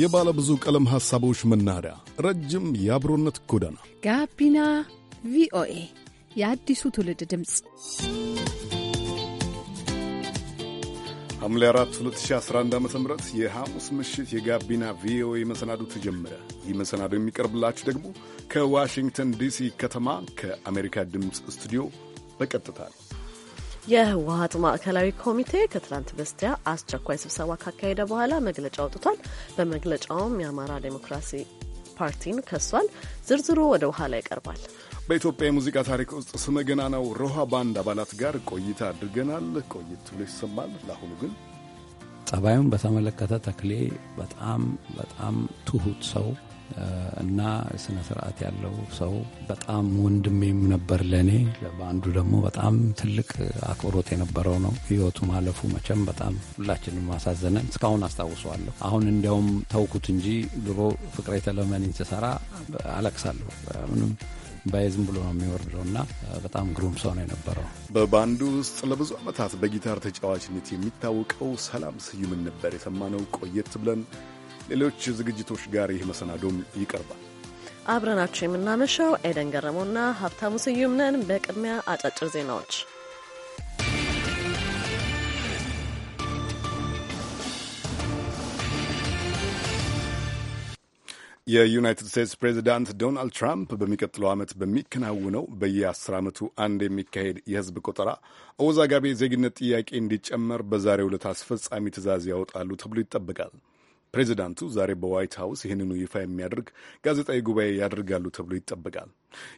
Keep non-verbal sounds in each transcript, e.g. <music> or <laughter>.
የባለ ብዙ ቀለም ሐሳቦች መናኸሪያ፣ ረጅም የአብሮነት ጎዳና፣ ጋቢና ቪኦኤ፣ የአዲሱ ትውልድ ድምፅ። ሐምሌ 4 2011 ዓ ም የሐሙስ ምሽት የጋቢና ቪኦኤ መሰናዶ ተጀመረ። ይህ መሰናዶ የሚቀርብላችሁ ደግሞ ከዋሽንግተን ዲሲ ከተማ ከአሜሪካ ድምፅ ስቱዲዮ በቀጥታ ነው። የህወሀት ማዕከላዊ ኮሚቴ ከትናንት በስቲያ አስቸኳይ ስብሰባ ካካሄደ በኋላ መግለጫ አውጥቷል። በመግለጫውም የአማራ ዴሞክራሲ ፓርቲን ከሷል። ዝርዝሩ ወደ ውሃ ላይ ይቀርባል። በኢትዮጵያ የሙዚቃ ታሪክ ውስጥ ስመ ገናናው ሮሃ ባንድ አባላት ጋር ቆይታ አድርገናል። ቆይት ብሎ ይሰማል። ለአሁኑ ግን ጠባዩን በተመለከተ ተክሌ በጣም በጣም ትሁት ሰው እና ስነ ስርዓት ያለው ሰው በጣም ወንድሜም ነበር ለእኔ። በአንዱ ደግሞ በጣም ትልቅ አክብሮት የነበረው ነው። ህይወቱ ማለፉ መቼም በጣም ሁላችንም ማሳዘነን እስካሁን አስታውሰዋለሁ። አሁን እንዲያውም ተውኩት እንጂ ድሮ ፍቅሬ ተለመኔን ስሰራ አለቅሳለሁ። ምንም በየዝም ብሎ ነው የሚወርደው እና በጣም ግሩም ሰው ነው የነበረው። በባንዱ ውስጥ ለብዙ ዓመታት በጊታር ተጫዋችነት የሚታወቀው ሰላም ስዩምን ነበር የሰማነው ቆየት ብለን ሌሎች ዝግጅቶች ጋር ይህ መሰናዶም ይቀርባል። አብረናቸው የምናመሻው ኤደን ገረመውና ሀብታሙ ስዩም ነን። በቅድሚያ አጫጭር ዜናዎች የዩናይትድ ስቴትስ ፕሬዚዳንት ዶናልድ ትራምፕ በሚቀጥለው ዓመት በሚከናውነው በየአስር ዓመቱ አንድ የሚካሄድ የሕዝብ ቆጠራ አወዛጋቢ ዜግነት ጥያቄ እንዲጨመር በዛሬው ዕለት አስፈጻሚ ትእዛዝ ያወጣሉ ተብሎ ይጠበቃል። ፕሬዚዳንቱ ዛሬ በዋይት ሀውስ ይህንኑ ይፋ የሚያደርግ ጋዜጣዊ ጉባኤ ያደርጋሉ ተብሎ ይጠበቃል።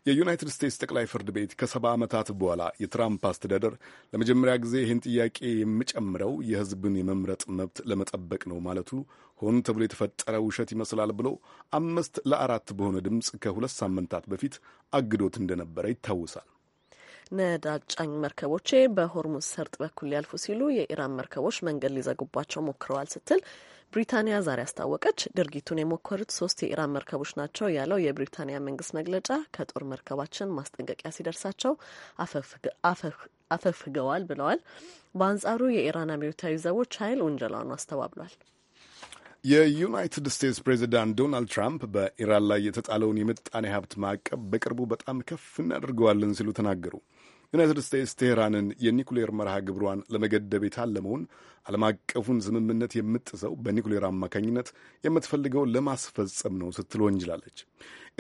የዩናይትድ ስቴትስ ጠቅላይ ፍርድ ቤት ከሰባ ዓመታት በኋላ የትራምፕ አስተዳደር ለመጀመሪያ ጊዜ ይህን ጥያቄ የሚጨምረው የሕዝብን የመምረጥ መብት ለመጠበቅ ነው ማለቱ ሆን ተብሎ የተፈጠረ ውሸት ይመስላል ብሎ አምስት ለአራት በሆነ ድምፅ ከሁለት ሳምንታት በፊት አግዶት እንደነበረ ይታወሳል። ነዳጅ ጫኝ መርከቦቼ በሆርሙዝ ሰርጥ በኩል ሊያልፉ ሲሉ የኢራን መርከቦች መንገድ ሊዘጉባቸው ሞክረዋል ስትል ብሪታንያ ዛሬ አስታወቀች። ድርጊቱን የሞከሩት ሶስት የኢራን መርከቦች ናቸው ያለው የብሪታንያ መንግስት መግለጫ ከጦር መርከባችን ማስጠንቀቂያ ሲደርሳቸው አፈፍገዋል ብለዋል። በአንጻሩ የኢራን አብዮታዊ ዘቦች ኃይል ውንጀላውን አስተባብሏል። የዩናይትድ ስቴትስ ፕሬዚዳንት ዶናልድ ትራምፕ በኢራን ላይ የተጣለውን የምጣኔ ሀብት ማዕቀብ በቅርቡ በጣም ከፍ እናደርገዋለን ሲሉ ተናገሩ። ዩናይትድ ስቴትስ ቴህራንን የኒኩሌር መርሃ ግብሯን ለመገደብ የታለመውን ዓለም አቀፉን ስምምነት የምጥሰው በኒኩሌር አማካኝነት የምትፈልገው ለማስፈጸም ነው ስትል ወንጅላለች።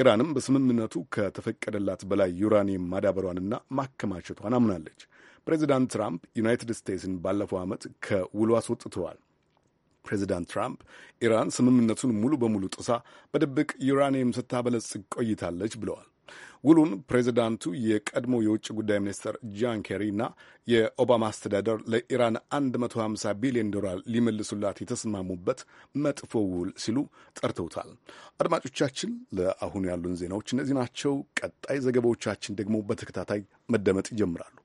ኢራንም በስምምነቱ ከተፈቀደላት በላይ ዩራኒየም ማዳበሯንና ማከማቸቷን አምናለች። ፕሬዚዳንት ትራምፕ ዩናይትድ ስቴትስን ባለፈው ዓመት ከውሉ አስወጥተዋል። ፕሬዚዳንት ትራምፕ ኢራን ስምምነቱን ሙሉ በሙሉ ጥሳ በድብቅ ዩራኒየም ስታበለጽግ ቆይታለች ብለዋል። ውሉን ፕሬዚዳንቱ የቀድሞ የውጭ ጉዳይ ሚኒስትር ጃን ኬሪ እና የኦባማ አስተዳደር ለኢራን 150 ቢሊዮን ዶላር ሊመልሱላት የተስማሙበት መጥፎ ውል ሲሉ ጠርተውታል። አድማጮቻችን፣ ለአሁኑ ያሉን ዜናዎች እነዚህ ናቸው። ቀጣይ ዘገባዎቻችን ደግሞ በተከታታይ መደመጥ ይጀምራሉ።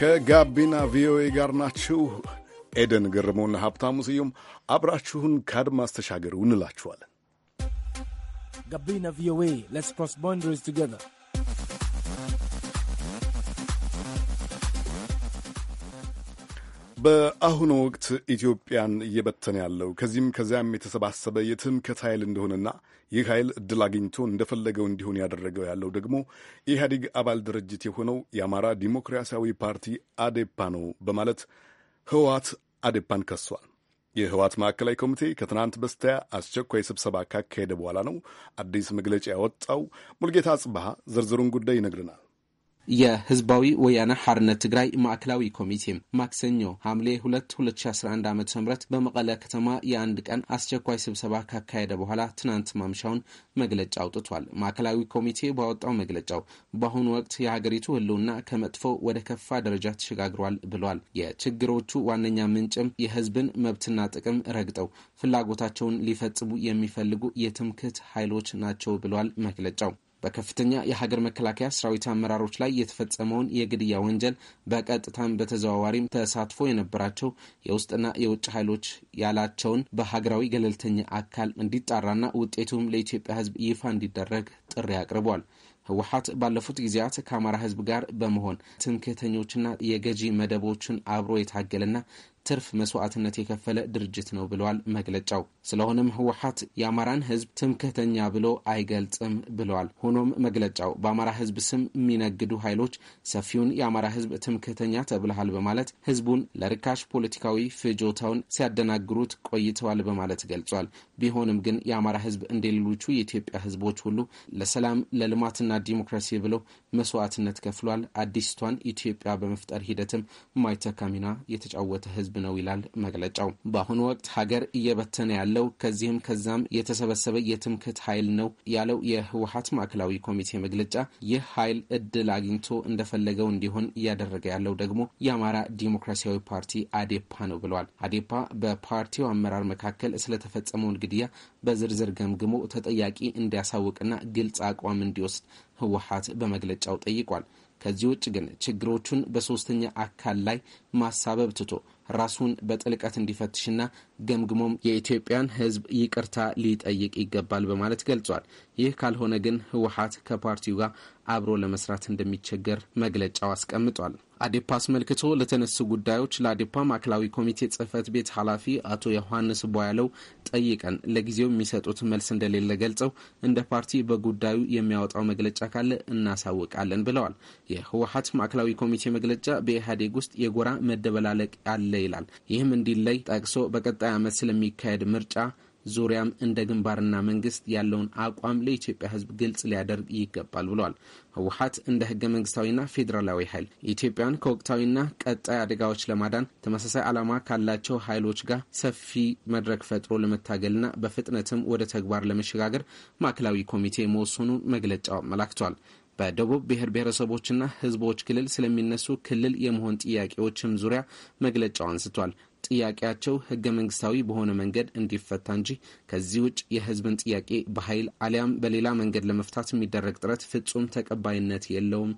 ከጋቢና ቪኦኤ ጋር ናችሁ። ኤደን ገረመውና ሀብታሙ ስዩም አብራችሁን ከአድማስ ተሻገሩ እንላችኋለን። ጋቢና ቪኦኤ ሌትስ ክሮስ ቦንደሪስ ቱጌዘር በአሁኑ ወቅት ኢትዮጵያን እየበተነ ያለው ከዚህም ከዚያም የተሰባሰበ የትምከት ኃይል እንደሆነና ይህ ኃይል እድል አግኝቶ እንደፈለገው እንዲሆን ያደረገው ያለው ደግሞ የኢህአዴግ አባል ድርጅት የሆነው የአማራ ዲሞክራሲያዊ ፓርቲ አዴፓ ነው በማለት ህወሓት አዴፓን ከሷል። የህወሓት ማዕከላዊ ኮሚቴ ከትናንት በስቲያ አስቸኳይ ስብሰባ ካካሄደ በኋላ ነው አዲስ መግለጫ ያወጣው። ሙልጌታ ጽብሃ ዝርዝሩን ጉዳይ ይነግርናል። የህዝባዊ ወያነ ሐርነት ትግራይ ማዕከላዊ ኮሚቴ ማክሰኞ ሐምሌ 2 2011 ዓ ም በመቀለ ከተማ የአንድ ቀን አስቸኳይ ስብሰባ ካካሄደ በኋላ ትናንት ማምሻውን መግለጫ አውጥቷል። ማዕከላዊ ኮሚቴ ባወጣው መግለጫው በአሁኑ ወቅት የሀገሪቱ ህልውና ከመጥፎ ወደ ከፋ ደረጃ ተሸጋግሯል ብሏል። የችግሮቹ ዋነኛ ምንጭም የህዝብን መብትና ጥቅም ረግጠው ፍላጎታቸውን ሊፈጽሙ የሚፈልጉ የትምክህት ኃይሎች ናቸው ብሏል መግለጫው በከፍተኛ የሀገር መከላከያ ሰራዊት አመራሮች ላይ የተፈጸመውን የግድያ ወንጀል በቀጥታም በተዘዋዋሪም ተሳትፎ የነበራቸው የውስጥና የውጭ ኃይሎች ያላቸውን በሀገራዊ ገለልተኛ አካል እንዲጣራና ውጤቱም ለኢትዮጵያ ሕዝብ ይፋ እንዲደረግ ጥሪ አቅርቧል። ህወሀት ባለፉት ጊዜያት ከአማራ ህዝብ ጋር በመሆን ትምክህተኞችና የገዢ መደቦችን አብሮ የታገለና ትርፍ መስዋዕትነት የከፈለ ድርጅት ነው ብለዋል መግለጫው። ስለሆነም ህወሀት የአማራን ህዝብ ትምክህተኛ ብሎ አይገልጽም ብለዋል። ሆኖም መግለጫው በአማራ ህዝብ ስም የሚነግዱ ኃይሎች ሰፊውን የአማራ ህዝብ ትምክህተኛ ተብልሃል በማለት ህዝቡን ለርካሽ ፖለቲካዊ ፍጆታውን ሲያደናግሩት ቆይተዋል በማለት ገልጿል። ቢሆንም ግን የአማራ ህዝብ እንደሌሎቹ የኢትዮጵያ ህዝቦች ሁሉ ለሰላም ለልማትና ዲሞክራሲ ብለው መስዋዕትነት ከፍሏል። አዲስቷን ኢትዮጵያ በመፍጠር ሂደትም ማይተካ ሚና የተጫወተ ህዝብ ነው ይላል መግለጫው። በአሁኑ ወቅት ሀገር እየበተነ ያለው ከዚህም ከዛም የተሰበሰበ የትምክህት ኃይል ነው ያለው የህወሀት ማዕከላዊ ኮሚቴ መግለጫ፣ ይህ ኃይል እድል አግኝቶ እንደፈለገው እንዲሆን እያደረገ ያለው ደግሞ የአማራ ዲሞክራሲያዊ ፓርቲ አዴፓ ነው ብሏል። አዴፓ በፓርቲው አመራር መካከል ስለተፈጸመውን ግድያ በዝርዝር ገምግሞ ተጠያቂ እንዲያሳውቅና ግልጽ አቋም እንዲወስድ ህወሀት በመግለጫው ጠይቋል። ከዚህ ውጭ ግን ችግሮቹን በሶስተኛ አካል ላይ ማሳበብ ትቶ ራሱን በጥልቀት እንዲፈትሽና ገምግሞም የኢትዮጵያን ህዝብ ይቅርታ ሊጠይቅ ይገባል በማለት ገልጿል። ይህ ካልሆነ ግን ህወሀት ከፓርቲው ጋር አብሮ ለመስራት እንደሚቸገር መግለጫው አስቀምጧል። አዴፓ አስመልክቶ ለተነሱ ጉዳዮች ለአዴፓ ማዕከላዊ ኮሚቴ ጽህፈት ቤት ኃላፊ አቶ ዮሐንስ ቧያለው ጠይቀን ለጊዜው የሚሰጡት መልስ እንደሌለ ገልጸው እንደ ፓርቲ በጉዳዩ የሚያወጣው መግለጫ ካለ እናሳውቃለን ብለዋል። የህወሀት ማዕከላዊ ኮሚቴ መግለጫ በኢህአዴግ ውስጥ የጎራ መደበላለቅ አለ ይላል። ይህም እንዲለይ ጠቅሶ በቀጣይ ዓመት ስለሚካሄድ ምርጫ ዙሪያም እንደ ግንባርና መንግስት ያለውን አቋም ለኢትዮጵያ ህዝብ ግልጽ ሊያደርግ ይገባል ብለዋል። ህወሀት እንደ ህገ መንግስታዊና ፌዴራላዊ ኃይል ኢትዮጵያን ከወቅታዊና ቀጣይ አደጋዎች ለማዳን ተመሳሳይ ዓላማ ካላቸው ኃይሎች ጋር ሰፊ መድረክ ፈጥሮ ለመታገልና በፍጥነትም ወደ ተግባር ለመሸጋገር ማዕከላዊ ኮሚቴ መወሰኑን መግለጫው አመላክቷል። በደቡብ ብሔር ብሔረሰቦችና ህዝቦች ክልል ስለሚነሱ ክልል የመሆን ጥያቄዎችም ዙሪያ መግለጫው አንስቷል። ጥያቄያቸው ህገ መንግስታዊ በሆነ መንገድ እንዲፈታ እንጂ ከዚህ ውጭ የህዝብን ጥያቄ በኃይል አሊያም በሌላ መንገድ ለመፍታት የሚደረግ ጥረት ፍጹም ተቀባይነት የለውም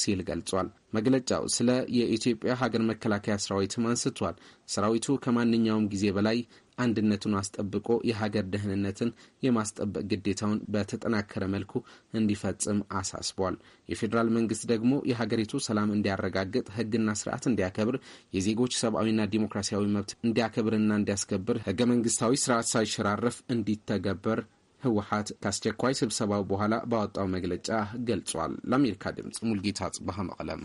ሲል ገልጿል። መግለጫው ስለ የኢትዮጵያ ሀገር መከላከያ ሰራዊትም አንስቷል። ሰራዊቱ ከማንኛውም ጊዜ በላይ አንድነቱን አስጠብቆ የሀገር ደህንነትን የማስጠበቅ ግዴታውን በተጠናከረ መልኩ እንዲፈጽም አሳስቧል። የፌዴራል መንግስት ደግሞ የሀገሪቱ ሰላም እንዲያረጋግጥ፣ ህግና ስርዓት እንዲያከብር፣ የዜጎች ሰብአዊና ዲሞክራሲያዊ መብት እንዲያከብርና እንዲያስከብር፣ ህገ መንግስታዊ ስርዓት ሳይሸራረፍ እንዲተገበር ህወሀት ከአስቸኳይ ስብሰባው በኋላ ባወጣው መግለጫ ገልጿል። ለአሜሪካ ድምፅ ሙልጌታ ጽባህ መቅለም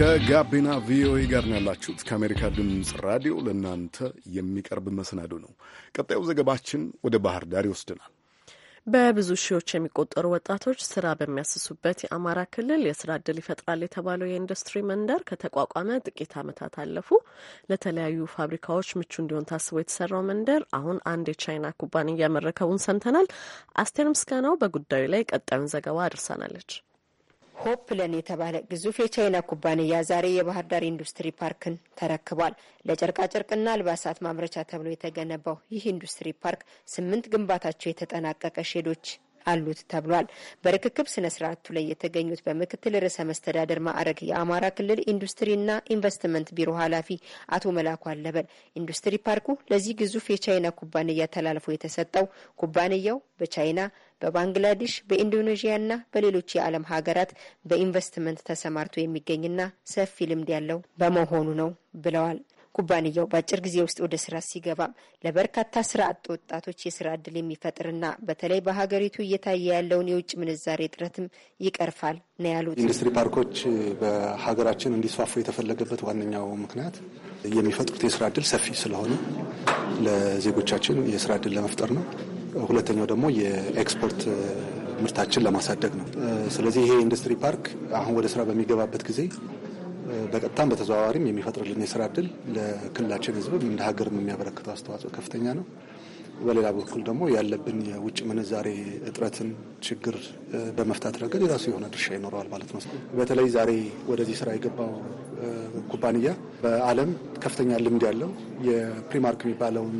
ከጋቢና ቪኦኤ ጋር ነው ያላችሁት። ከአሜሪካ ድምፅ ራዲዮ ለእናንተ የሚቀርብ መሰናዶ ነው። ቀጣዩ ዘገባችን ወደ ባህር ዳር ይወስድናል። በብዙ ሺዎች የሚቆጠሩ ወጣቶች ስራ በሚያስሱበት የአማራ ክልል የስራ እድል ይፈጥራል የተባለው የኢንዱስትሪ መንደር ከተቋቋመ ጥቂት ዓመታት አለፉ። ለተለያዩ ፋብሪካዎች ምቹ እንዲሆን ታስቦ የተሰራው መንደር አሁን አንድ የቻይና ኩባንያ መረከቡን ሰምተናል። አስቴር ምስጋናው በጉዳዩ ላይ ቀጣዩን ዘገባ አድርሳናለች። ሆፕለን የተባለ ግዙፍ የቻይና ኩባንያ ዛሬ የባህር ዳር ኢንዱስትሪ ፓርክን ተረክቧል። ለጨርቃጨርቅና አልባሳት ማምረቻ ተብሎ የተገነባው ይህ ኢንዱስትሪ ፓርክ ስምንት ግንባታቸው የተጠናቀቀ ሼዶች አሉት ተብሏል። በርክክብ ስነ ስርዓቱ ላይ የተገኙት በምክትል ርዕሰ መስተዳደር ማዕረግ የአማራ ክልል ኢንዱስትሪና ኢንቨስትመንት ቢሮ ኃላፊ አቶ መላኩ አለበል ኢንዱስትሪ ፓርኩ ለዚህ ግዙፍ የቻይና ኩባንያ ተላልፎ የተሰጠው ኩባንያው በቻይና በባንግላዴሽ በኢንዶኔዥያና በሌሎች የዓለም ሀገራት በኢንቨስትመንት ተሰማርቶ የሚገኝና ሰፊ ልምድ ያለው በመሆኑ ነው ብለዋል። ኩባንያው በአጭር ጊዜ ውስጥ ወደ ስራ ሲገባ ለበርካታ ስራ አጥ ወጣቶች የስራ እድል የሚፈጥርና በተለይ በሀገሪቱ እየታየ ያለውን የውጭ ምንዛሬ እጥረትም ይቀርፋል ነው ያሉት። ኢንዱስትሪ ፓርኮች በሀገራችን እንዲስፋፉ የተፈለገበት ዋነኛው ምክንያት የሚፈጥሩት የስራ እድል ሰፊ ስለሆነ ለዜጎቻችን የስራ እድል ለመፍጠር ነው። ሁለተኛው ደግሞ የኤክስፖርት ምርታችን ለማሳደግ ነው። ስለዚህ ይሄ ኢንዱስትሪ ፓርክ አሁን ወደ ስራ በሚገባበት ጊዜ በቀጥታም በተዘዋዋሪም የሚፈጥርልን የስራ እድል ለክልላችን ህዝብም እንደ ሀገርም የሚያበረክተው አስተዋጽኦ ከፍተኛ ነው። በሌላ በኩል ደግሞ ያለብን የውጭ ምንዛሬ እጥረትን ችግር በመፍታት ረገድ የራሱ የሆነ ድርሻ ይኖረዋል ማለት ነው። በተለይ ዛሬ ወደዚህ ስራ የገባው ኩባንያ በዓለም ከፍተኛ ልምድ ያለው የፕሪማርክ የሚባለውን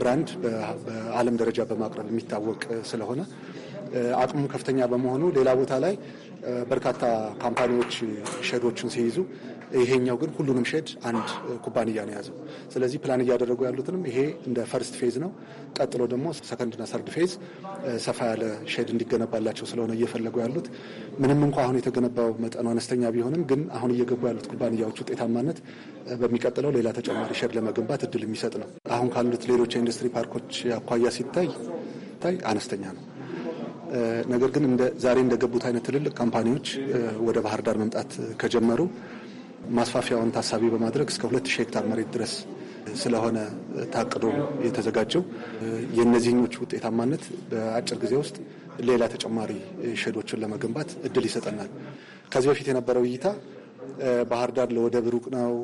ብራንድ በዓለም ደረጃ በማቅረብ የሚታወቅ ስለሆነ አቅሙ ከፍተኛ በመሆኑ ሌላ ቦታ ላይ በርካታ ካምፓኒዎች ሸዶችን ሲይዙ ይሄኛው ግን ሁሉንም ሼድ አንድ ኩባንያ ነው የያዘው። ስለዚህ ፕላን እያደረጉ ያሉትንም ይሄ እንደ ፈርስት ፌዝ ነው። ቀጥሎ ደግሞ ሰከንድና ሰርድ ፌዝ ሰፋ ያለ ሼድ እንዲገነባላቸው ስለሆነ እየፈለጉ ያሉት ምንም እንኳ አሁን የተገነባው መጠኑ አነስተኛ ቢሆንም ግን አሁን እየገቡ ያሉት ኩባንያዎች ውጤታማነት በሚቀጥለው ሌላ ተጨማሪ ሼድ ለመገንባት እድል የሚሰጥ ነው። አሁን ካሉት ሌሎች የኢንዱስትሪ ፓርኮች አኳያ ሲታይ ታይ አነስተኛ ነው። ነገር ግን ዛሬ እንደገቡት አይነት ትልልቅ ካምፓኒዎች ወደ ባህር ዳር መምጣት ከጀመሩ ማስፋፊያውን ታሳቢ በማድረግ እስከ ሁለት ሺህ ሄክታር መሬት ድረስ ስለሆነ ታቅዶ የተዘጋጀው የእነዚህኞች ውጤታማነት በአጭር ጊዜ ውስጥ ሌላ ተጨማሪ ሼዶችን ለመገንባት እድል ይሰጠናል። ከዚህ በፊት የነበረው እይታ ባህር ዳር ለወደብ ሩቅ ነው፣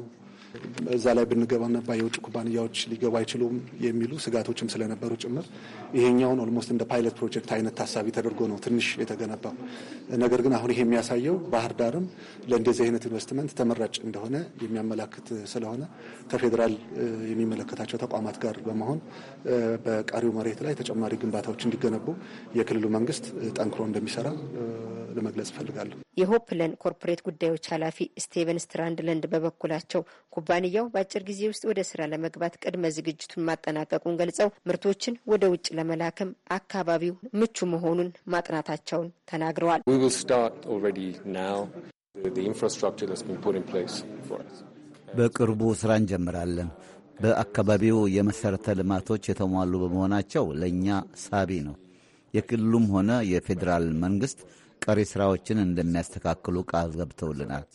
እዛ ላይ ብንገባ ነባ የውጭ ኩባንያዎች ሊገቡ አይችሉም የሚሉ ስጋቶችም ስለነበሩ ጭምር ይሄኛውን ኦልሞስት እንደ ፓይለት ፕሮጀክት አይነት ታሳቢ ተደርጎ ነው ትንሽ የተገነባው። ነገር ግን አሁን ይሄ የሚያሳየው ባህር ዳርም ለእንደዚህ አይነት ኢንቨስትመንት ተመራጭ እንደሆነ የሚያመላክት ስለሆነ ከፌዴራል የሚመለከታቸው ተቋማት ጋር በመሆን በቀሪው መሬት ላይ ተጨማሪ ግንባታዎች እንዲገነቡ የክልሉ መንግስት ጠንክሮ እንደሚሰራ ለመግለጽ እፈልጋለሁ። የሆፕለን ኮርፖሬት ጉዳዮች ኃላፊ ስቴቨን ለንድ በበኩላቸው ኩባንያው በአጭር ጊዜ ውስጥ ወደ ስራ ለመግባት ቅድመ ዝግጅቱን ማጠናቀቁን ገልጸው ምርቶችን ወደ ውጭ ለመላክም አካባቢው ምቹ መሆኑን ማጥናታቸውን ተናግረዋል። በቅርቡ ስራ እንጀምራለን። በአካባቢው የመሠረተ ልማቶች የተሟሉ በመሆናቸው ለእኛ ሳቢ ነው። የክልሉም ሆነ የፌዴራል መንግሥት ቀሪ ሥራዎችን እንደሚያስተካክሉ ቃል ገብተውልናል።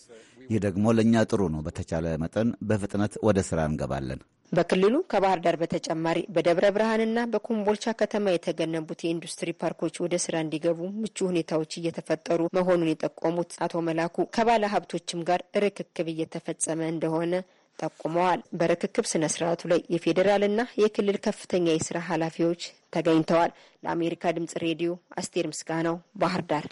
ይህ ደግሞ ለእኛ ጥሩ ነው። በተቻለ መጠን በፍጥነት ወደ ስራ እንገባለን። በክልሉ ከባህር ዳር በተጨማሪ በደብረ ብርሃንና በኮምቦልቻ ከተማ የተገነቡት የኢንዱስትሪ ፓርኮች ወደ ስራ እንዲገቡ ምቹ ሁኔታዎች እየተፈጠሩ መሆኑን የጠቆሙት አቶ መላኩ ከባለ ሀብቶችም ጋር ርክክብ እየተፈጸመ እንደሆነ ጠቁመዋል። በርክክብ ስነ ስርዓቱ ላይ የፌዴራልና የክልል ከፍተኛ የስራ ኃላፊዎች ተገኝተዋል። ለአሜሪካ ድምጽ ሬዲዮ አስቴር ምስጋናው ባህር ዳር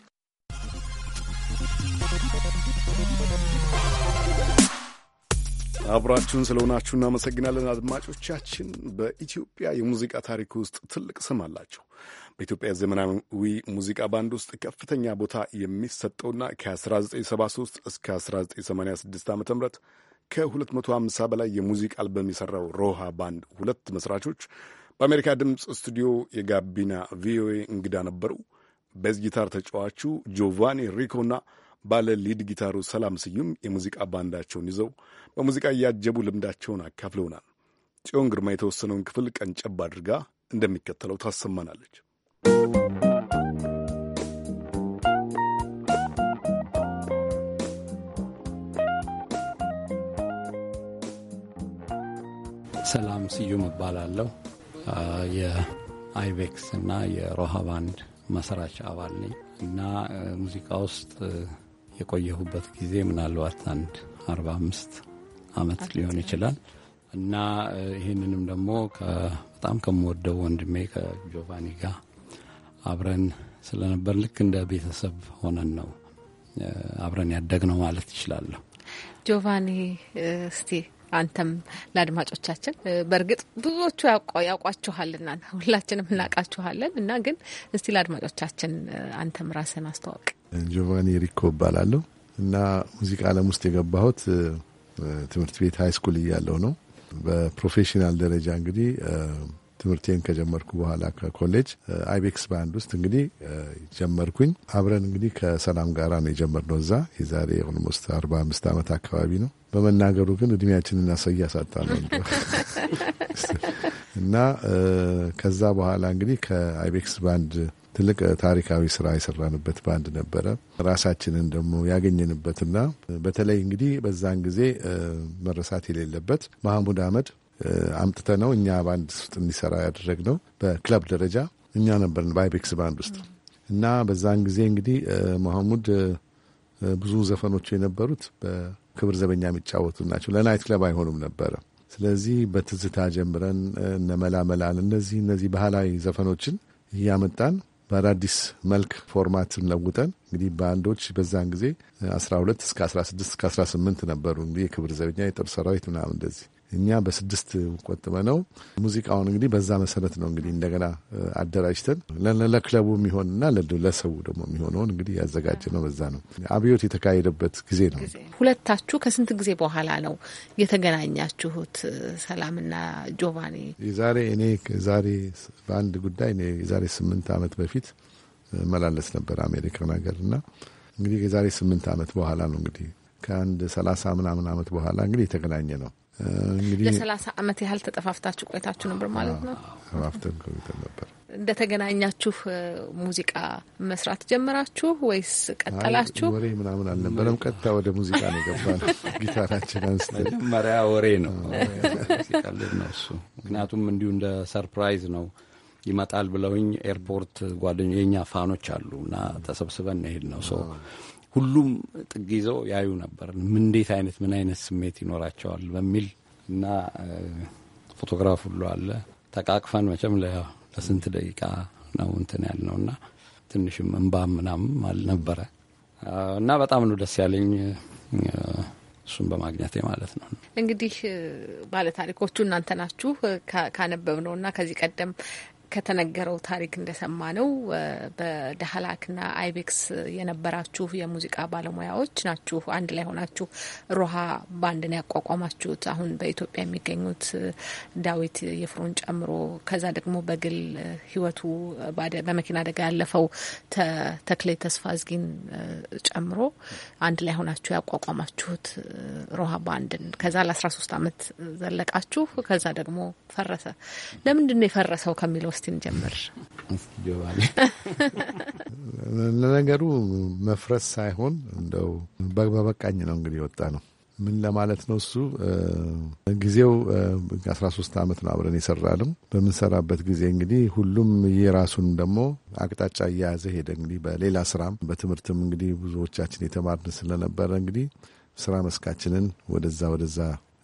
አብራችሁን ስለሆናችሁ እናመሰግናለን አድማጮቻችን። በኢትዮጵያ የሙዚቃ ታሪክ ውስጥ ትልቅ ስም አላቸው። በኢትዮጵያ ዘመናዊ ሙዚቃ ባንድ ውስጥ ከፍተኛ ቦታ የሚሰጠውና ከ1973 እስከ 1986 ዓ ም ከ250 በላይ የሙዚቃ አልበም የሠራው ሮሃ ባንድ ሁለት መስራቾች በአሜሪካ ድምፅ ስቱዲዮ የጋቢና ቪኦኤ እንግዳ ነበሩ። ቤዝ ጊታር ተጫዋቹ ጆቫኒ ሪኮና ባለ ሊድ ጊታሩ ሰላም ስዩም የሙዚቃ ባንዳቸውን ይዘው በሙዚቃ እያጀቡ ልምዳቸውን አካፍለውናል። ጽዮን ግርማ የተወሰነውን ክፍል ቀንጨብ አድርጋ እንደሚከተለው ታሰማናለች። ሰላም ስዩም እባላለሁ። የአይቤክስ እና የሮሃ ባንድ መስራች አባል ነኝ እና ሙዚቃ ውስጥ የቆየሁበት ጊዜ ምናልባት አንድ አርባ አምስት አመት ሊሆን ይችላል እና ይህንንም ደግሞ በጣም ከምወደው ወንድሜ ከጆቫኒ ጋር አብረን ስለነበር ልክ እንደ ቤተሰብ ሆነን ነው አብረን ያደግነው ማለት ይችላለሁ። ጆቫኒ እስቲ አንተም ለአድማጮቻችን በእርግጥ ብዙዎቹ ያውቋችኋልና ሁላችንም እናውቃችኋለን እና ግን እስቲ ለአድማጮቻችን አንተም ራስን አስተዋወቅ። ጆቫኒ ሪኮ እባላለሁ እና ሙዚቃ ዓለም ውስጥ የገባሁት ትምህርት ቤት ሀይ ስኩል እያለሁ ነው። በፕሮፌሽናል ደረጃ እንግዲህ ትምህርቴን ከጀመርኩ በኋላ ከኮሌጅ አይቤክስ ባንድ ውስጥ እንግዲህ ጀመርኩኝ። አብረን እንግዲህ ከሰላም ጋራ ነው የጀመርነው እዛ የዛሬ ኦልሞስት አርባ አምስት ዓመት አካባቢ ነው። በመናገሩ ግን እድሜያችን እናሰይ ያሳጣ ነው <laughs> እና ከዛ በኋላ እንግዲህ ከአይቤክስ ባንድ ትልቅ ታሪካዊ ስራ የሰራንበት ባንድ ነበረ። ራሳችንን ደግሞ ያገኘንበትና በተለይ እንግዲህ በዛን ጊዜ መረሳት የሌለበት መሐሙድ አህመድ አምጥተ ነው እኛ ባንድ ውስጥ እንዲሰራ ያደረግነው በክለብ ደረጃ እኛ ነበርን በአይቤክስ ባንድ ውስጥ እና በዛን ጊዜ እንግዲህ መሐሙድ ብዙ ዘፈኖቹ የነበሩት በክብር ዘበኛ የሚጫወቱ ናቸው። ለናይት ክለብ አይሆኑም ነበረ። ስለዚህ በትዝታ ጀምረን እነመላመላን እነዚህ እነዚህ ባህላዊ ዘፈኖችን እያመጣን በአዳዲስ መልክ ፎርማትን ለውጠን እንግዲህ በአንዶች በዛን ጊዜ 12 እስከ 16 እስከ 18 ነበሩ እንግዲህ የክብር ዘበኛ የጦር ሰራዊት ምናምን እንደዚህ እኛ በስድስት ቆጥበ ነው ሙዚቃውን እንግዲህ በዛ መሰረት ነው እንግዲህ እንደገና አደራጅተን ለክለቡ የሚሆንና ለሰው ደግሞ የሚሆነውን እንግዲህ ያዘጋጀ ነው። በዛ ነው አብዮት የተካሄደበት ጊዜ ነው። ሁለታችሁ ከስንት ጊዜ በኋላ ነው የተገናኛችሁት? ሰላምና ጆቫኒ የዛሬ እኔ ዛሬ በአንድ ጉዳይ እኔ የዛሬ ስምንት ዓመት በፊት መላለስ ነበር አሜሪካን ሀገር እና እንግዲህ የዛሬ ስምንት ዓመት በኋላ ነው እንግዲህ ከአንድ ሰላሳ ምናምን ዓመት በኋላ እንግዲህ የተገናኘ ነው። እንግዲህ ለሰላሳ አመት ያህል ተጠፋፍታችሁ ቆይታችሁ ነበር ማለት ነው። ተጠፋፍተን ቆይተን ነበር። እንደተገናኛችሁ ሙዚቃ መስራት ጀመራችሁ ወይስ ቀጠላችሁ? ወሬ ምናምን አልነበረም። ቀጥታ ወደ ሙዚቃ ነው የገባነው። <laughs> ጊታራችን አንስተን መጀመሪያ ወሬ ነው ሲቀልድ ነው እሱ። ምክንያቱም እንዲሁ እንደ ሰርፕራይዝ ነው ይመጣል ብለውኝ ኤርፖርት ጓደኛ የእኛ ፋኖች አሉ እና ተሰብስበን ነው የሄድነው ሁሉም ጥግ ይዘው ያዩ ነበር። እንዴት አይነት ምን አይነት ስሜት ይኖራቸዋል በሚል እና ፎቶግራፍ ሁሉ አለ። ተቃቅፈን መቼም ለስንት ደቂቃ ነው እንትን ያልነው እና ትንሽም እንባ ምናምን አልነበረ እና በጣም ነው ደስ ያለኝ እሱን በማግኘቴ ማለት ነው። እንግዲህ ባለታሪኮቹ እናንተ ናችሁ። ካነበብነው እና ከዚህ ቀደም ከተነገረው ታሪክ እንደሰማ ነው በዳህላክና አይቤክስ የነበራችሁ የሙዚቃ ባለሙያዎች ናችሁ። አንድ ላይ ሆናችሁ ሮሃ ባንድን ያቋቋማችሁት አሁን በኢትዮጵያ የሚገኙት ዳዊት ይፍሩን ጨምሮ፣ ከዛ ደግሞ በግል ህይወቱ በመኪና አደጋ ያለፈው ተክሌ ዝጊን ጨምሮ አንድ ላይ ሆናችሁ ያቋቋማችሁት ሮሃ ባንድን ከዛ ለ አስራ ሶስት አመት ዘለቃችሁ። ከዛ ደግሞ ፈረሰ። ለምንድን ነው የፈረሰው ከሚለው እስቲ እንጀምር። ለነገሩ መፍረስ ሳይሆን እንደው በበቃኝ ነው እንግዲህ የወጣ ነው። ምን ለማለት ነው እሱ ጊዜው አስራ ሶስት አመት ነው አብረን የሰራንም። በምንሰራበት ጊዜ እንግዲህ ሁሉም የራሱን ደግሞ አቅጣጫ እየያዘ ሄደ። እንግዲህ በሌላ ስራም በትምህርትም እንግዲህ ብዙዎቻችን የተማርን ስለነበረ እንግዲህ ስራ መስካችንን ወደዛ ወደዛ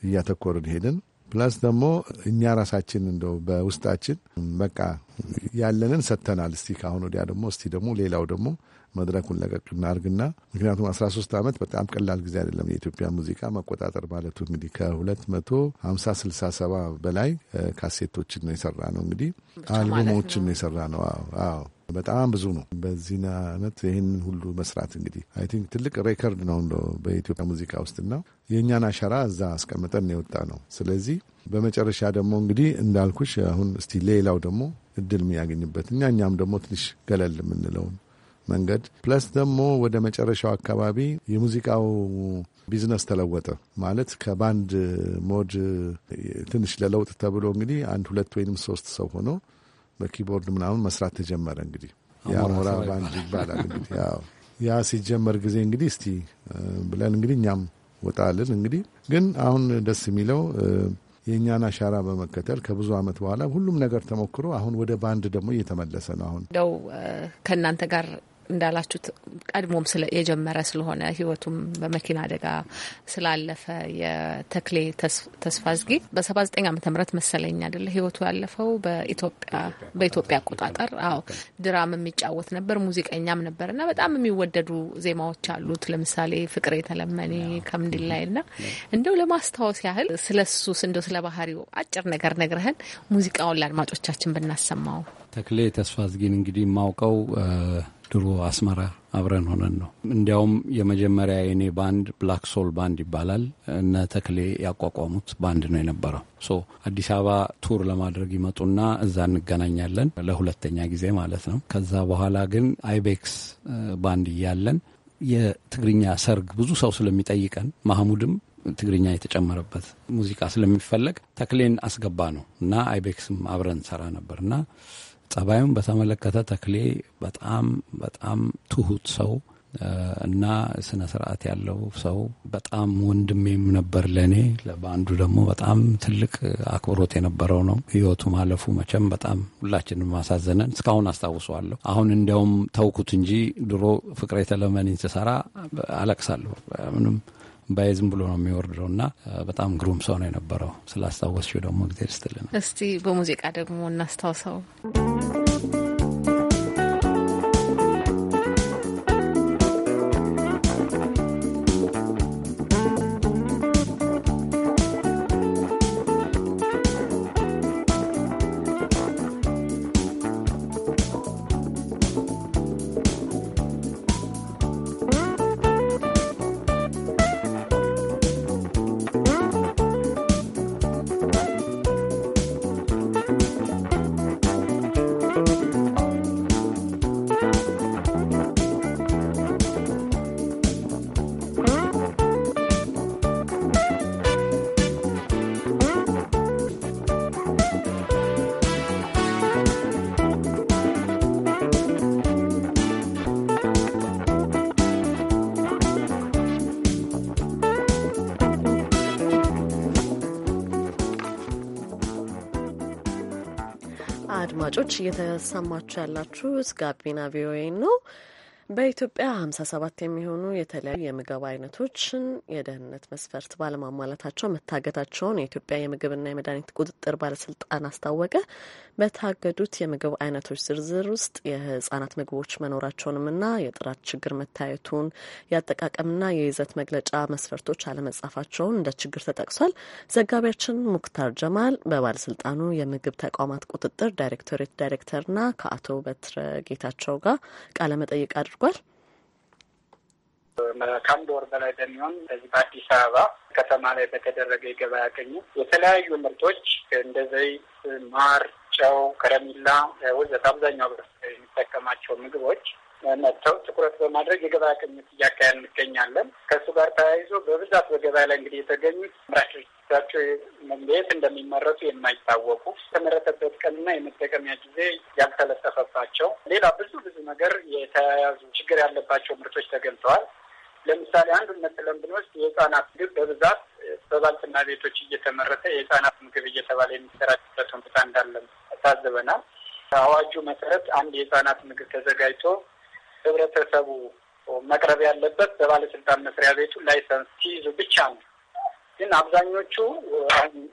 እያተኮርን ሄድን። ፕላስ ደግሞ እኛ ራሳችን እንደው በውስጣችን በቃ ያለንን ሰጥተናል። እስቲ ከአሁን ወዲያ ደግሞ እስቲ ደግሞ ሌላው ደግሞ መድረኩን ለቀቅ እናርግና ምክንያቱም አስራ ሶስት ዓመት በጣም ቀላል ጊዜ አይደለም። የኢትዮጵያ ሙዚቃ መቆጣጠር ማለቱ እንግዲህ ከሁለት መቶ ሀምሳ ስልሳ ሰባ በላይ ካሴቶችን ነው የሰራ ነው እንግዲህ አልበሞችን ነው የሰራ ነው። አዎ በጣም ብዙ ነው። በዚህ አመት ይህንን ሁሉ መስራት እንግዲህ አይ ቲንክ ትልቅ ሬከርድ ነው በኢትዮጵያ ሙዚቃ ውስጥና የእኛን አሻራ እዛ አስቀምጠን የወጣ ነው። ስለዚህ በመጨረሻ ደግሞ እንግዲህ እንዳልኩሽ አሁን እስቲ ሌላው ደግሞ እድል የሚያገኝበት እኛ እኛም ደግሞ ትንሽ ገለል የምንለውን መንገድ ፕለስ ደግሞ ወደ መጨረሻው አካባቢ የሙዚቃው ቢዝነስ ተለወጠ ማለት ከባንድ ሞድ ትንሽ ለለውጥ ተብሎ እንግዲህ አንድ ሁለት ወይንም ሶስት ሰው ሆኖ በኪቦርድ ምናምን መስራት ተጀመረ። እንግዲህ የአሞራ ባንድ ይባላል። እንግዲህ <laughs> ያ ሲጀመር ጊዜ እንግዲህ እስቲ ብለን እንግዲህ እኛም ወጣልን። እንግዲህ ግን አሁን ደስ የሚለው የእኛን አሻራ በመከተል ከብዙ ዓመት በኋላ ሁሉም ነገር ተሞክሮ አሁን ወደ ባንድ ደግሞ እየተመለሰ ነው። አሁን ደው ከእናንተ ጋር እንዳላችሁት ቀድሞም የጀመረ ስለሆነ ህይወቱም በመኪና አደጋ ስላለፈ የተክሌ ተስፋ ዝጊ በሰባ ዘጠኝ ዓመተ ምህረት መሰለኝ አይደለ ህይወቱ ያለፈው በኢትዮጵያ አቆጣጠር። አዎ ድራም የሚጫወት ነበር፣ ሙዚቀኛም ነበር እና በጣም የሚወደዱ ዜማዎች አሉት። ለምሳሌ ፍቅር የተለመኔ ከምንድን ላይ ና እንደው ለማስታወስ ያህል ስለ ሱስ እንደው ስለ ባህሪው አጭር ነገር ነግረህን ሙዚቃውን ለአድማጮቻችን ብናሰማው። ተክሌ ተስፋ ዝጊን እንግዲህ ማውቀው ድሮ አስመራ አብረን ሆነን ነው። እንዲያውም የመጀመሪያ የኔ ባንድ ብላክ ሶል ባንድ ይባላል። እነ ተክሌ ያቋቋሙት ባንድ ነው የነበረው። ሶ አዲስ አበባ ቱር ለማድረግ ይመጡና እዛ እንገናኛለን ለሁለተኛ ጊዜ ማለት ነው። ከዛ በኋላ ግን አይቤክስ e ባንድ እያለን የትግርኛ ሰርግ ብዙ ሰው ስለሚጠይቀን ማህሙድም ትግርኛ የተጨመረበት ሙዚቃ ስለሚፈለግ ተክሌን አስገባ ነው እና አይቤክስም e አብረን ሰራ ነበር እና ጸባዩን በተመለከተ ተክሌ በጣም በጣም ትሁት ሰው እና ስነ ስርዓት ያለው ሰው በጣም ወንድሜም ነበር ለእኔ። በአንዱ ደግሞ በጣም ትልቅ አክብሮት የነበረው ነው። ህይወቱ ማለፉ መቼም በጣም ሁላችንም ማሳዘነን እስካሁን አስታውሰዋለሁ። አሁን እንዲያውም ተውኩት እንጂ ድሮ ፍቅሬ ተለመኔን ስሰራ አለቅሳለሁ። ምንም ባይዝም ብሎ ነው የሚወርደው እና በጣም ግሩም ሰው ነው የነበረው። ስላስታወስሽው ደግሞ ጊዜ ስትልን እስቲ በሙዚቃ ደግሞ እናስታውሰው። አድማጮች እየተሰማችሁ ያላችሁ ጋቢና ቪኦኤ ነው። በኢትዮጵያ 57 የሚሆኑ የተለያዩ የምግብ አይነቶችን የደህንነት መስፈርት ባለማሟላታቸው መታገታቸውን የኢትዮጵያ የምግብና የመድኃኒት ቁጥጥር ባለስልጣን አስታወቀ። በታገዱት የምግብ አይነቶች ዝርዝር ውስጥ የህጻናት ምግቦች መኖራቸውንምና የጥራት ችግር መታየቱን የአጠቃቀምና የይዘት መግለጫ መስፈርቶች አለመጻፋቸውን እንደ ችግር ተጠቅሷል። ዘጋቢያችን ሙክታር ጀማል በባለስልጣኑ የምግብ ተቋማት ቁጥጥር ዳይሬክቶሬት ዳይሬክተርና ከአቶ በትረ ጌታቸው ጋር ቃለመጠይቅ አድርጓል። አድርጓል። ከአንድ ወር በላይ በሚሆን በዚህ በአዲስ አበባ ከተማ ላይ በተደረገ የገበያ ያገኙ የተለያዩ ምርቶች እንደ ዘይት፣ ማር፣ ጨው፣ ከረሚላ ወዘተ አብዛኛው የሚጠቀማቸው ምግቦች መጥተው ትኩረት በማድረግ የገበያ ቅኝት እያካሄድ እንገኛለን። ከእሱ ጋር ተያይዞ በብዛት በገበያ ላይ እንግዲህ የተገኙት ምራቾች እሳቸው እንዴት እንደሚመረቱ የማይታወቁ የተመረተበት ቀንና የመጠቀሚያ ጊዜ ያልተለጠፈባቸው ሌላ ብዙ ብዙ ነገር የተያያዙ ችግር ያለባቸው ምርቶች ተገልጠዋል። ለምሳሌ አንዱን መሰለን ብንወስድ የህጻናት ምግብ በብዛት በባልትና ቤቶች እየተመረተ የህጻናት ምግብ እየተባለ የሚሰራጭበት ሁኔታ እንዳለም ታዝበናል። አዋጁ መሰረት አንድ የህጻናት ምግብ ተዘጋጅቶ ህብረተሰቡ መቅረብ ያለበት በባለስልጣን መስሪያ ቤቱ ላይሰንስ ሲይዙ ብቻ ነው። ግን አብዛኞቹ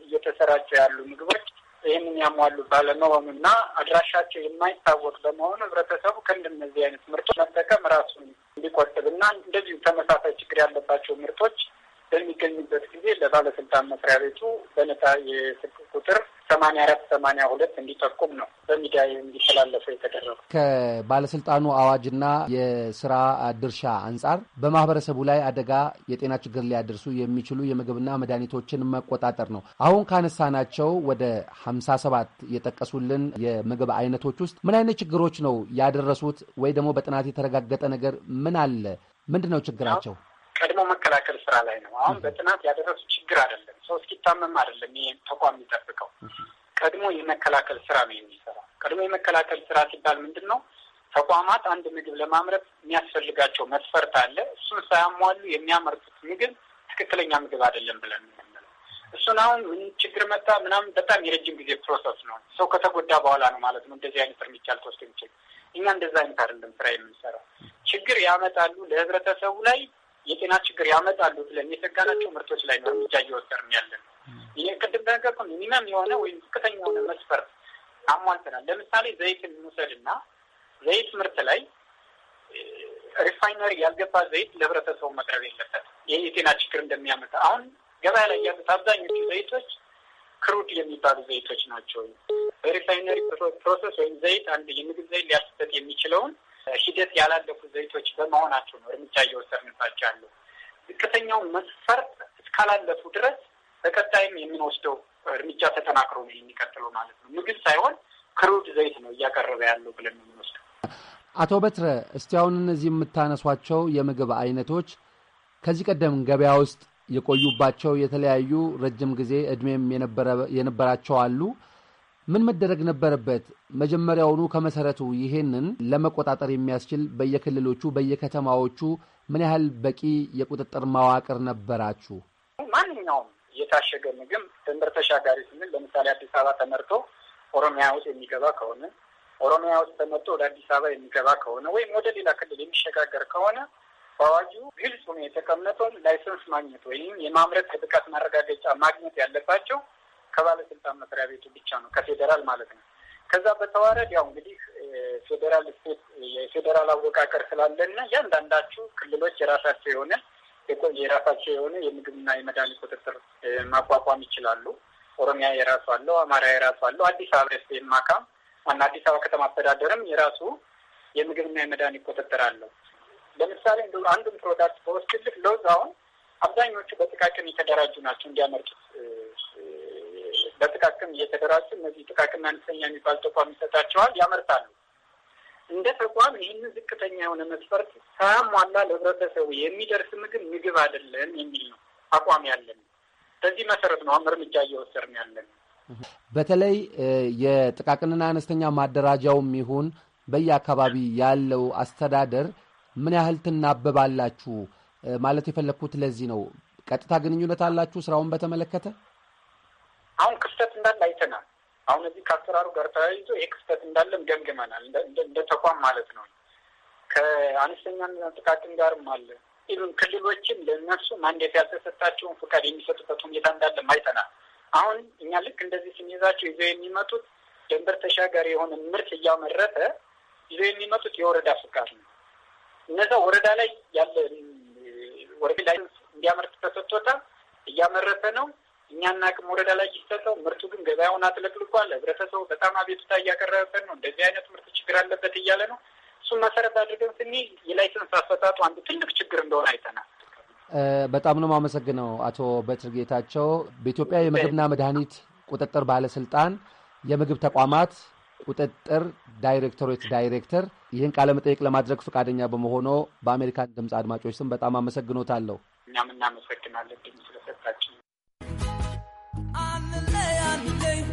እየተሰራጩ ያሉ ምግቦች ይህንን ያሟሉ ባለመሆኑና አድራሻቸው የማይታወቅ በመሆኑ ህብረተሰቡ ከእንደነዚህ አይነት ምርቶች መጠቀም ራሱን እንዲቆጥብና እንደዚሁ ተመሳሳይ ችግር ያለባቸው ምርቶች በሚገኙበት ጊዜ ለባለስልጣን መስሪያ ቤቱ በነፃ የስልክ ቁጥር ሰማኒያ አራት ሰማኒያ ሁለት እንዲጠቁም ነው በሚዲያ እንዲተላለፈ የተደረገ። ከባለስልጣኑ አዋጅና የስራ ድርሻ አንጻር በማህበረሰቡ ላይ አደጋ የጤና ችግር ሊያደርሱ የሚችሉ የምግብና መድኃኒቶችን መቆጣጠር ነው። አሁን ካነሳናቸው ወደ ሀምሳ ሰባት የጠቀሱልን የምግብ አይነቶች ውስጥ ምን አይነት ችግሮች ነው ያደረሱት? ወይ ደግሞ በጥናት የተረጋገጠ ነገር ምን አለ? ምንድን ነው ችግራቸው? ቀድሞ መከላከል ስራ ላይ ነው። አሁን በጥናት ያደረሱ ችግር አይደለም። ሰው እስኪታመም አይደለም ይህ ተቋም የሚጠብቀው ቀድሞ የመከላከል ስራ ነው የሚሰራ። ቀድሞ የመከላከል ስራ ሲባል ምንድን ነው? ተቋማት አንድ ምግብ ለማምረት የሚያስፈልጋቸው መስፈርት አለ። እሱን ሳያሟሉ የሚያመርቱት ምግብ ትክክለኛ ምግብ አይደለም ብለን እሱን አሁን ምን ችግር መጣ ምናምን በጣም የረጅም ጊዜ ፕሮሰስ ነው። ሰው ከተጎዳ በኋላ ነው ማለት ነው እንደዚህ አይነት እርምጃ ልትወስድ የሚችል። እኛ እንደዛ አይነት አይደለም ስራ የምንሰራ። ችግር ያመጣሉ፣ ለህብረተሰቡ ላይ የጤና ችግር ያመጣሉ ብለን የሰጋናቸው ምርቶች ላይ ነው እርምጃ እየወሰድን ያለን። ይህ ቅድም በነገርኩህ ሚኒመም የሆነ ወይም ዝቅተኛ የሆነ መስፈርት አሟልተናል። ለምሳሌ ዘይትን እንውሰድና ዘይት ምርት ላይ ሪፋይነሪ ያልገባ ዘይት ለህብረተሰቡ መቅረብ የለበት። ይህ የጤና ችግር እንደሚያመጣ አሁን ገበያ ላይ ያሉት አብዛኞቹ ዘይቶች ክሩድ የሚባሉ ዘይቶች ናቸው። በሪፋይነሪ ፕሮሰስ ወይም ዘይት አንድ የምግብ ዘይት ሊያስበት የሚችለውን ሂደት ያላለፉ ዘይቶች በመሆናቸው ነው እርምጃ እየወሰድንባቸው ያለው። ዝቅተኛው መስፈርት እስካላለፉ ድረስ በቀጣይም የምንወስደው እርምጃ ተጠናክሮ ነው የሚቀጥለው ማለት ነው። ምግብ ሳይሆን ክሩድ ዘይት ነው እያቀረበ ያለው ብለን ነው የምንወስደው። አቶ በትረ እስቲ አሁን እነዚህ የምታነሷቸው የምግብ አይነቶች ከዚህ ቀደም ገበያ ውስጥ የቆዩባቸው የተለያዩ ረጅም ጊዜ እድሜም የነበራቸው አሉ። ምን መደረግ ነበረበት? መጀመሪያውኑ ከመሰረቱ ይሄንን ለመቆጣጠር የሚያስችል በየክልሎቹ በየከተማዎቹ ምን ያህል በቂ የቁጥጥር መዋቅር ነበራችሁ? ማንኛውም የታሸገ ምግብ ድንበር ተሻጋሪ ስንል ለምሳሌ አዲስ አበባ ተመርቶ ኦሮሚያ ውስጥ የሚገባ ከሆነ ኦሮሚያ ውስጥ ተመርቶ ወደ አዲስ አበባ የሚገባ ከሆነ ወይም ወደ ሌላ ክልል የሚሸጋገር ከሆነ በአዋጁ ግልጽ ሆኖ የተቀመጠውን ላይሰንስ ማግኘት ወይም የማምረት ብቃት ማረጋገጫ ማግኘት ያለባቸው ከባለስልጣን መስሪያ ቤቱ ብቻ ነው ከፌዴራል ማለት ነው። ከዛ በተዋረድ ያው እንግዲህ ፌዴራል ስቴት የፌዴራል አወቃቀር ስላለና እያንዳንዳችሁ ክልሎች የራሳቸው የሆነ የራሳቸው የሆነ የምግብና የመድኃኒት ቁጥጥር ማቋቋም ይችላሉ። ኦሮሚያ የራሱ አለው፣ አማራ የራሱ አለው። አዲስ አበባ ስቴት ማካም ዋና አዲስ አበባ ከተማ አስተዳደርም የራሱ የምግብና የመድኃኒት ቁጥጥር አለው። ለምሳሌ እንደ አንዱን ፕሮዳክት በወስድልህ ለውዝ አሁን አብዛኞቹ በጥቃቅን የተደራጁ ናቸው እንዲያመርጡት በጥቃቅም እየተደራጁ እነዚህ ጥቃቅምና አነስተኛ የሚባል ተቋም ይሰጣቸዋል፣ ያመርታሉ። እንደ ተቋም ይህን ዝቅተኛ የሆነ መስፈርት ሳያሟላ ለህብረተሰቡ የሚደርስ ምግብ ምግብ አይደለም የሚል ነው አቋም ያለን። በዚህ መሰረት ነው አሁን እርምጃ እየወሰድን ያለን። በተለይ የጥቃቅንና አነስተኛ ማደራጃውም ይሁን በየአካባቢ ያለው አስተዳደር ምን ያህል ትናበባላችሁ ማለት የፈለግኩት ለዚህ ነው። ቀጥታ ግንኙነት አላችሁ ስራውን በተመለከተ? አሁን ክፍተት እንዳለ አይተናል። አሁን እዚህ ከአሰራሩ ጋር ተያይዞ ይህ ክፍተት እንዳለም ገምግመናል፣ እንደ ተቋም ማለት ነው። ከአነስተኛ ጥቃቅን ጋርም አለ ኢቭን ክልሎችም ለእነሱ ማንዴት ያልተሰጣቸውን ፍቃድ የሚሰጡበት ሁኔታ እንዳለም አይተናል። አሁን እኛ ልክ እንደዚህ ስንይዛቸው ይዘው የሚመጡት ድንበር ተሻጋሪ የሆነ ምርት እያመረተ ይዘው የሚመጡት የወረዳ ፍቃድ ነው። እነዛ ወረዳ ላይ ያለ ወረዳ ላይ እንዲያመርት ተሰጥቶታል፣ እያመረተ ነው። እኛና አቅም ወረዳ ላይ ሲሰጠው ምርቱ ግን ገበያውን አጥለቅልቋል። ህብረተሰቡ በጣም አቤቱታ እያቀረበበት ነው። እንደዚህ አይነት ምርት ችግር አለበት እያለ ነው። እሱን መሰረት አድርገን ስኒ የላይሰንስ አሰጣጡ አንዱ ትልቅ ችግር እንደሆነ አይተናል። በጣም ነው የማመሰግነው አቶ በትር ጌታቸው በኢትዮጵያ የምግብና መድኃኒት ቁጥጥር ባለስልጣን የምግብ ተቋማት ቁጥጥር ዳይሬክቶሬት ዳይሬክተር ይህን ቃለ መጠየቅ ለማድረግ ፈቃደኛ በመሆኑ በአሜሪካን ድምፅ አድማጮች ስም በጣም አመሰግኖታለሁ። እኛም እናመሰግናለን ስለሰጣችን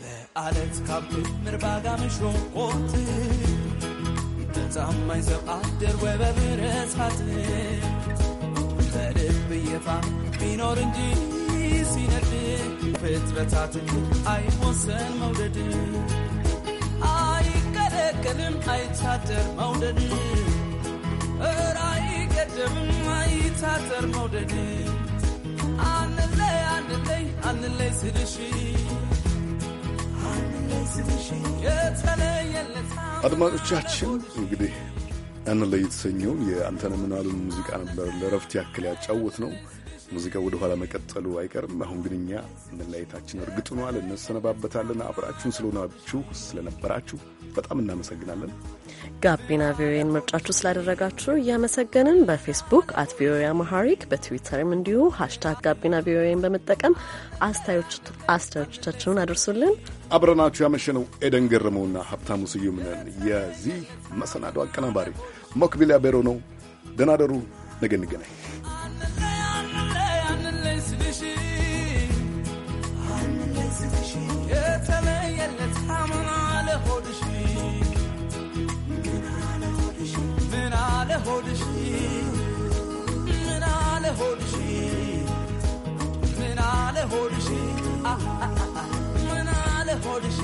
በአለት ካብት ምርባጋ ምሾቆት ተዛማኝ ሰብ አደር በልብ ቢኖር እንጂ ሲነድ ፍጥረታት አይወሰን መውደድ አይታደር መውደድ ራይ አይ ሳጠር መውደድ አንለይ አንለይ አንለይ ስልሽ አድማጮቻችን እንግዲህ እንለይ የተሰኘውን የአንተነህ ምናሉን ሙዚቃ ነበር ለረፍት ያክል ያጫወት ነው። ሙዚቃው ኋላ መቀጠሉ አይቀርም። አሁን ግን እኛ መለያየታችን እርግጥ ነዋል። እንሰነባበታለን። አብራችሁን ስለሆናችሁ ስለነበራችሁ በጣም እናመሰግናለን። ጋቢና ቪኦኤን ምርጫችሁ ስላደረጋችሁ እያመሰገንን በፌስቡክ አት ቪኦኤ አማሃሪክ በትዊተርም እንዲሁ ሀሽታግ ጋቢና ቪኦኤን በመጠቀም አስተያየቶቻችሁን አድርሱልን። አብረናችሁ ያመሸነው ኤደን ገረመውና ሀብታሙ ስዩም ነን። የዚህ መሰናዶ አቀናባሪ ሞክቢሊያ ቤሮ ነው። ደናደሩ ደሩ። ነገ እንገናኝ። ሆድሽ ምን አለ ሆድሽ ምን አለ ሆድሽ ምን አለ ሆድሽ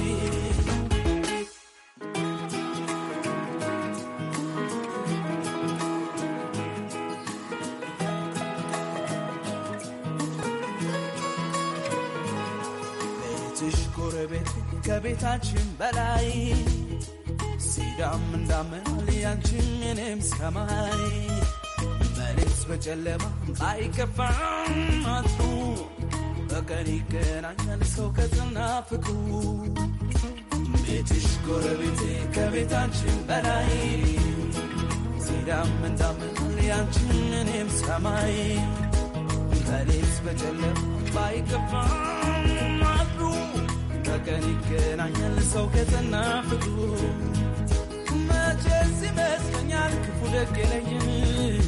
ቤትሽ ጎረቤት ከቤታችን በላይ ዳም እንዳመል ያንቺም የኔም ሰማይ በሌስ በጨለማ አይከፋም አጥሩ በቀን ይገናኛል ሰው ከትና ፍቅሩ ቤትሽ ጎረቤቴ ከቤታችን በላይ ሲዳም እንዳመል ያንቺም የኔም ሰማይ በሌስ በጨለማ አይከፋም አጥሩ በቀን ይገናኛል ሰው ከትና ፍቅሩ ደገለይን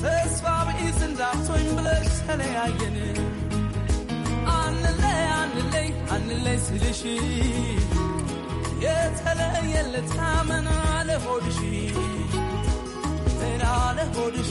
ተስፋ ብኢዝ እንዳቶኝ ብለሽ ተለያየን አንለይ አንለይ አንለይ ስልሽ የተለየለት ታመና ለሆድሽ ለሆድሽ